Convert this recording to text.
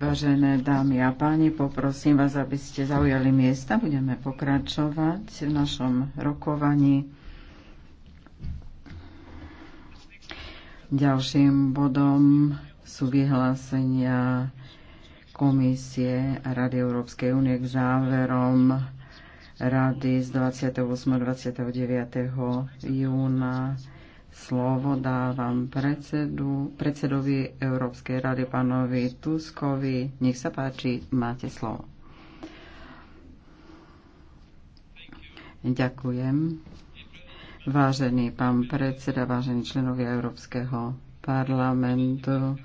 Vážené dámy a páni, poprosím vás, aby ste zaujali miesta. Budeme pokračovať v našom rokovaní. Ďalším bodom sú vyhlásenia Komisie a Rady Európskej únie k záverom Rady z 28. a 29. júna slovo dávam predsedu, predsedovi Európskej rady, pánovi Tuskovi. Nech sa páči, máte slovo. Ďakujem. Vážený pán predseda, vážení členovia Európskeho parlamentu,